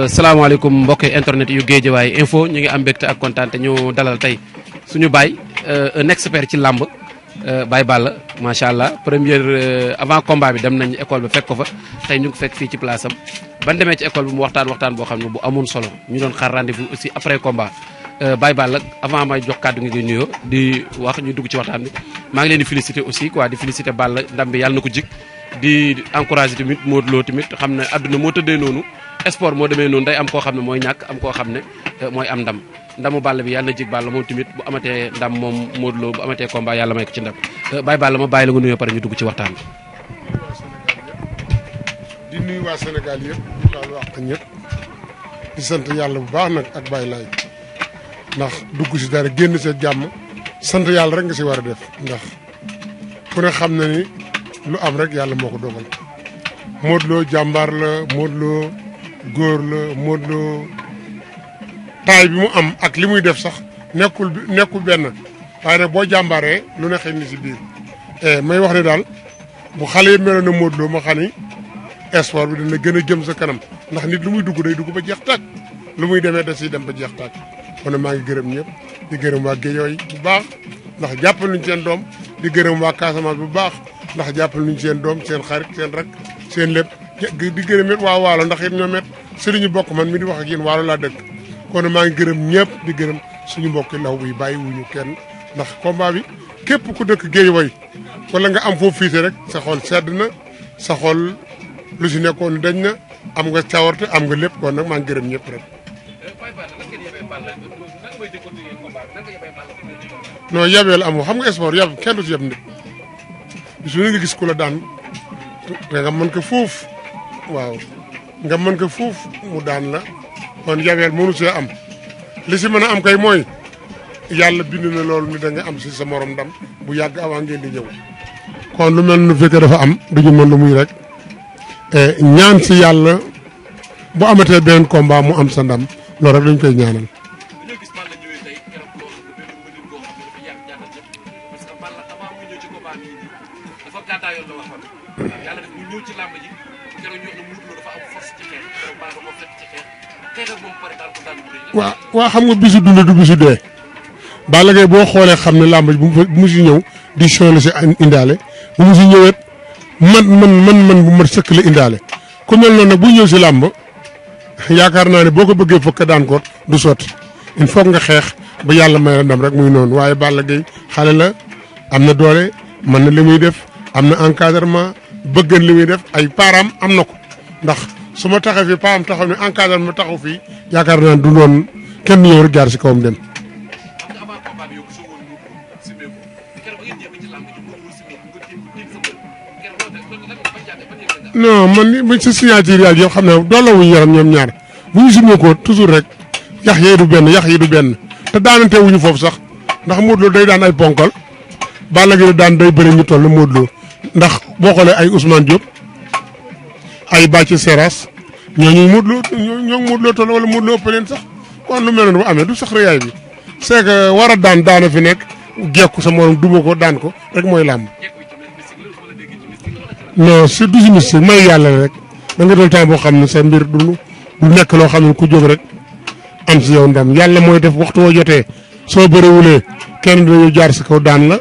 Euh, salaamaaleykum mbokk internet yu waaye info ñu ngi am mbégte ak kontaan te ñu dalal tey suñu baay euh, un expert ci làmb euh, Baye Balla macha allah première avant combat bi dem nañ école bi fekk ko fa tey ñu ngi fekk fii ci place am ban demee ci école bi mu waxtaan waxtaan boo xam ne bu amoon solo ñu doon xaar rendez-vous aussi après combat Baye Balla avant may jox kàddu ngi di nuyoo di wax ñu dugg ci waxtaan bi maa ngi leen di féliciter aussi quoi di féliciter Balla ndam bi ko jig di encourager tamit Modou Lo tamit xam ne adduna moo tëddee noonu. sport moo demee noonu day am koo xam ne mooy ñàkk am koo xam ne euh, mooy am ndam ndamu Balla bi yàlla na jig Balla moom tamit bu amatee ndam moom Modou Lo bu amatee combat yàlla may ko ci ndam euh, Baye Balla ma bàyyi la nga nuyoo pare ñu dugg ci waxtaan bi. di nuyu waa Sénégal yëpp daal wax ñëpp yàlla bu baax nag ak Baye Laye ndax dugg si dara génn sa jàmm sant yàlla rek nga si war a def ndax ku ne xam na ni lu am rek yàlla moo ko dogal Modou Lo jàmbaar la Modou góor la Modou Lo taay bi mu am ak li muy def sax nekkul nekkul benn waaye nag boo jàmbaaree lu ne xëy na si biir. Eh, may wax ni daal bu xale yi meloon na Modou Lo ma xam ni espoir bi dina gën a jëm sa kanam ndax nit lu muy dugg day dugg ba jeex tàkk lu muy demee da siy dem ba jeex tàkk kon maa ngi gërëm ñëpp di gërëm waa Géejawaay bu baax ndax jàppal nuñ seen doom di gërëm waa Casamance bu baax ndax jàppal nañu seen doom seen xarit seen rak seen lépp. di gërëm waa waalo ndax it ñoom it sëriñu bokk man mi di wax ak yéen waalo laa dëkk kon maa ngi gërëm ñëpp di gërëm suñu mbokki law bi bàyyi wuñu kenn ndax combat bi képp ku dëkk géej way wala nga am foofu fiite rek sa xol sedd na sa xol lu si nekkoon dañ na am nga sawarte am nga lépp kon nag maa ngi gërëm ñëpp rek non yabeel amoo xam nga sport yab kenn du si yab nit bis nga gis ku la daan te nga mën ko foofu waaw nga mën ko fuuf mu daan la kon jabeel mënu see am li si mën a am kay mooy yàlla bind na loolu ni da am si sa moroom ndam bu yàgg avant ngeen di ñëw kon lu mel nu fekkee dafa am du ñu mën lu muy rek eh, ñaan si yàlla bu amatee beneen combat mu am sa ndam loolu rek lañ koy ñaanal waa waa xam nga bisu dund du bisu dee Balla Gaye boo xoolee xam ne làmb bu mu si ñëw di soxla si indaale bu mu si ñëwet man man man man bu ma sëkk la indaale ku mel noonu nag bu ñëw si làmb yaakaar naa ne boo ko bëggee fokk daan ko du sotti il faut nga xeex ba yàlla may la ndam rek muy noonu waaye Balla Gaye xale la am na doole mën na li muy def am na encadrement bëggan li muy def ay param am na ko ndax su ma taxaw fii paam taxaw ne encadré ma taxaw fii yaakaar naa du doon kenn ñëw rek jaar si kawam dem. non man buñ si signature yàlla yëpp xam naa doole wuñ yaram ñoom ñaar bu ñu sumee ko toujours rek yax yee du benn yax yi du benn te daanante wuñu foofu sax ndax Modou Lo day daan ay ponkal Balla Gaye daan day bëri ñu toll Modou Lo ndax boo xoolee ay Ousmane Diop. ay bàcc seras ñooñu Modou Lo ñoo Modou Lo toll ëpp leen sax kon lu mel noonu bu amee du sax rëyaay bi c'est war a daan daana fi nekk gekku sa morom duma ko daan ko rek mooy làmb non c'est du si mystique may yàlla rek da nga doon temps boo xam ne sa mbir du du nekk loo xam ne ku jóg rek am si yow ndam yàlla mooy def waxtu woo jotee soo bëriwulee kenn dañu jaar si kaw daan la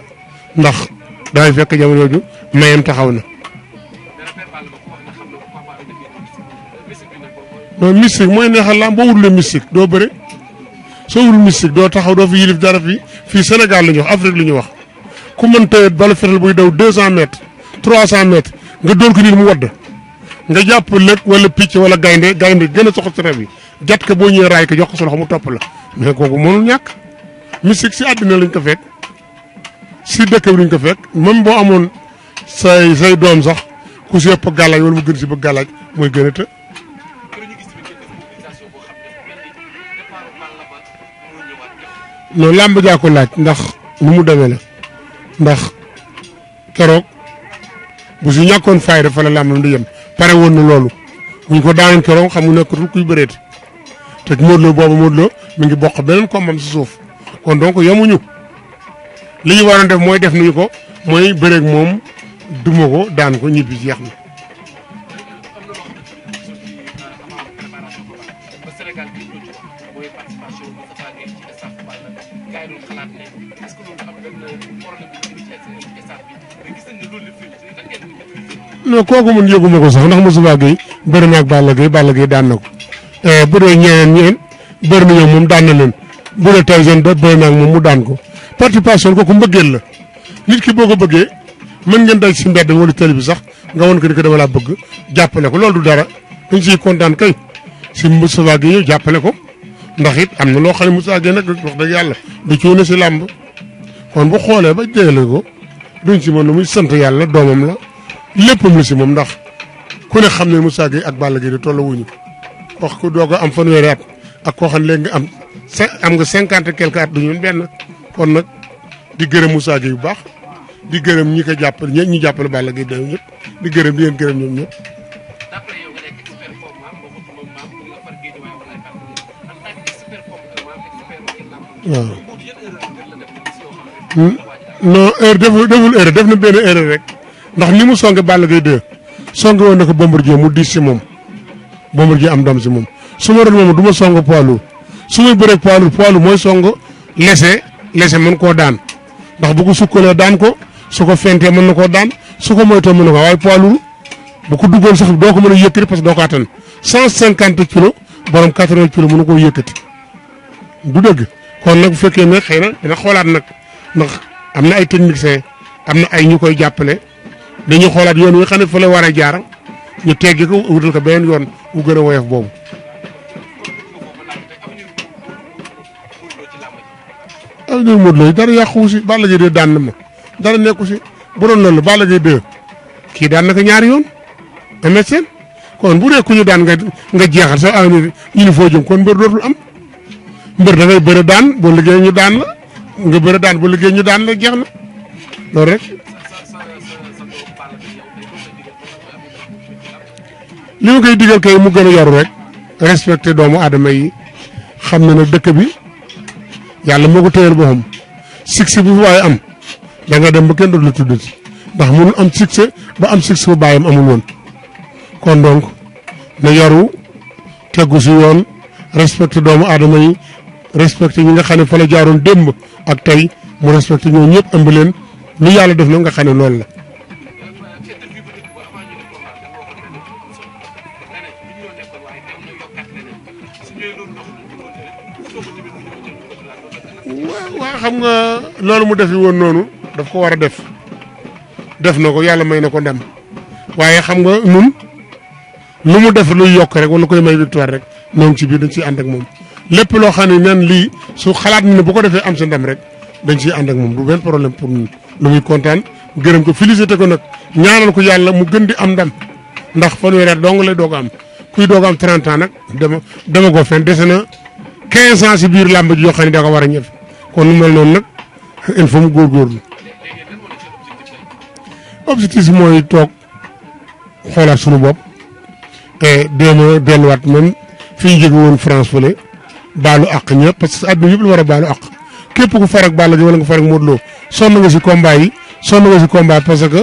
ndax dafay fekk jamono jooju mayem taxaw na non mystique mooy neexal lamb boo wutulee mystique doo bëre soo wutul mystique doo taxaw doo fi yilif dara fi fii Sénégal la ñuy wax Afrique la ñuy wax ku mën tëyeet bala fetal buy daw deux cent mètres trois cent mètres nga dóor ko nit mu wadd nga jàpp lëg wala picc wala gaynde gaynde gën a soxla ci rab yi jat ko boo ñëwee raay ko jox ko sa topp la mais kooku mënul ñàkk mystique si àddina lañ ko fekk si dëkk bi ko fekk même boo amoon say say doom sax ku si ëpp gàllaaj wala mu gën si bëgg gàllaaj loolu làmb jaa ko laaj ndax nu mu demee la ndax keroog bu su ñàkkoon fayda fa la làmbam di yem pare woon na loolu buñ ko daaneen keroog xamu nga nekkatul kuy bëreet te Modou Lo boobu Modou Lo mi ngi bokk beneen koomam si suuf kon donc yemuñu li ñu waroon def mooy def nuñu ko mooy bëreeg moom duma ko daan ko ñibbi jeex na. Sénégal gars kooku mun yëguma ko sax ndax Moussa Gueye bëri na ak Balla Gueye Balla Gueye daan na ko eh, bu dee ñeneen ñeneen bëri na ñoom moom daan na leen bu dee Tyson ba na ak moom mu daan ko participation kooku mbëggeel la nit ki boo ko bëggee mën ngeen daj si mbedd wala télé bi sax nga woon ko ni ko dama laa bëgg jàppale ko loolu du dara dañ siy kontaan kay si Moussa Gueye yow jàppale ko ndax it am na loo xam ne Moussa Gueye nag wax dëgg yàlla du cuune si làmb kon bu xoolee ba jëlee ko duñ si mën na muy sant yàlla doomam la léppam la si moom ndax ku ne xam ne Moussa Gueye ak Balla Gaye di toll wuñu wax ku doog a am fanweeri at ak koo xam ne léegi nga am am nga cinquante quelque at du ñu benn kon nag di gërëm Moussa Gueye bu baax di gërëm ñi ko jàppale ñi ñu jàppale Balla Gaye ñëpp di gërëm di leen gërëm ñoom ñëpp. waaw non erreur deful deful erreur def na benn erreur rek ndax ni mu songe Balla Gaye 2 songe woon na ko Bombardier mu diis si moom Bombardier am dam si moom su ma doon moom du ma song poids lourd su may bëree poids lourd mooy song lese lese mën koo daan ndax bu ko sukkalee daan ko su ko fentee mën na koo daan su ko moytoo mën na ko waaye poids lourd bu ko duggoon sax doo ko mën a yëkkati parce doo ko attan cent cinquante kilos borom quatre-vingts kilos mën na koo yëkkati du dëgg. kon nag bu fekkee ne xëy na dina xoolaat nag ndax am na ay techniciens am na ay ñu koy jàppale dañuy xoolaat yoon wi nga xam ne fa la war a jaara ñu teggi ko wutal ko beneen yoon bu gën a woyof boobu. ah ñooy Modou Lo dara yàquwu si Balla Gaye 2 daan na ma dara nekku si bu doon loolu Balla Gaye ñaari yoon MSN kon bu dee ku ñu daan nga nga jeexal sax ah ñu ni foo jëm kon mbër dootul am. mbër da ngay bëre daan boo liggéey ñu daan la nga bëre daan boo liggéey ñu daan la jeex na loolu rek li ma koy digal kay mu gën a yoru rek respecté doomu aadama yi xam na ne dëkk bi yàlla moo ko téyal boppam succès bu waaye am danga dem ba kenn dootu la tuddati ndax mënul am succès ba am succès bu bàyyam amul woon kon donc na yoru tegu si yoon respecté doomu aadama yi respecté ñi nga xam ne fa la jaaroon démb ak tey mu respecté ñoo ñëpp ëmb leen lu yàlla def na nga xam ne loolu la. waaw xam nga loolu mu defi woon noonu daf ko war a def def na ko yàlla may na ko ndam waaye xam nga nun lu mu def luy yokk rek wala koy may victoire rek ñoo ngi ci biir dañ ciy ànd ak moom. lépp loo xam ne naan lii su xalaat ne bu ko defee am sa ndam rek dañ siy ànd ak moom du benn problème pour lu muy kontaan gërëm ko te ko nag ñaanal ko yàlla mu gën di am ndam ndax fanweeri at dong lay doog am kuy doog am 30 ans nag dama dama ko fen dese na 15 ans si biir làmb ji yoo xam ne da ko war a ñëw kon lu mel noonu nag il faut mu góorgóorlu objectif mooy toog xoolaat suñu bopp te déema delluwaat même fi ñu jóge woon France fële baalu àq ñëpp parce que àdduna yëpp la war a baalu àq képp ku far ak Balla Gaye wala nga far ak Modou Lo sonn nga si combat yi sonn nga si combat parce que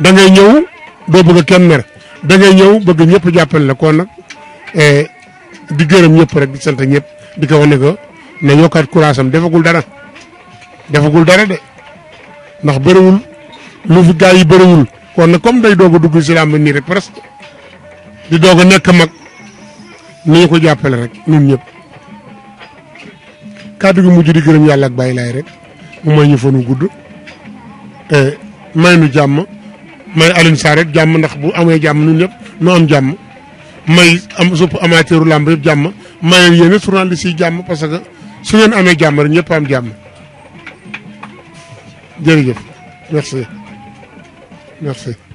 da ñëw doo bëgg kenn mer da ñëw bëgg ñëpp jàppale la kon nag e, di gërëm ñëpp rek di sant ñëpp di ko wax ne que ne yokkaat courage am defagul dara defagul dara de ndax bëriwul lu fi gars yi bëriwul kon nag comme day doog a dugg si ba nii rek presque di doog nekk mag ni ko jàppale rek ñun ñëpp. kàddu gi mujj di gërëm yàlla ak bàyyi laay rek mu may ñu fanu gudd eh, may nu jàmm may Alioune Sarr rek jàmm ndax bu amee jàmm ñun ñëpp nu am jàmm may am supp amateuru làmb yëpp jàmm may yéen journaliste yi jàmm parce que su ngeen amee jàmm rek ñëpp am jàmm jërëjëf merci merci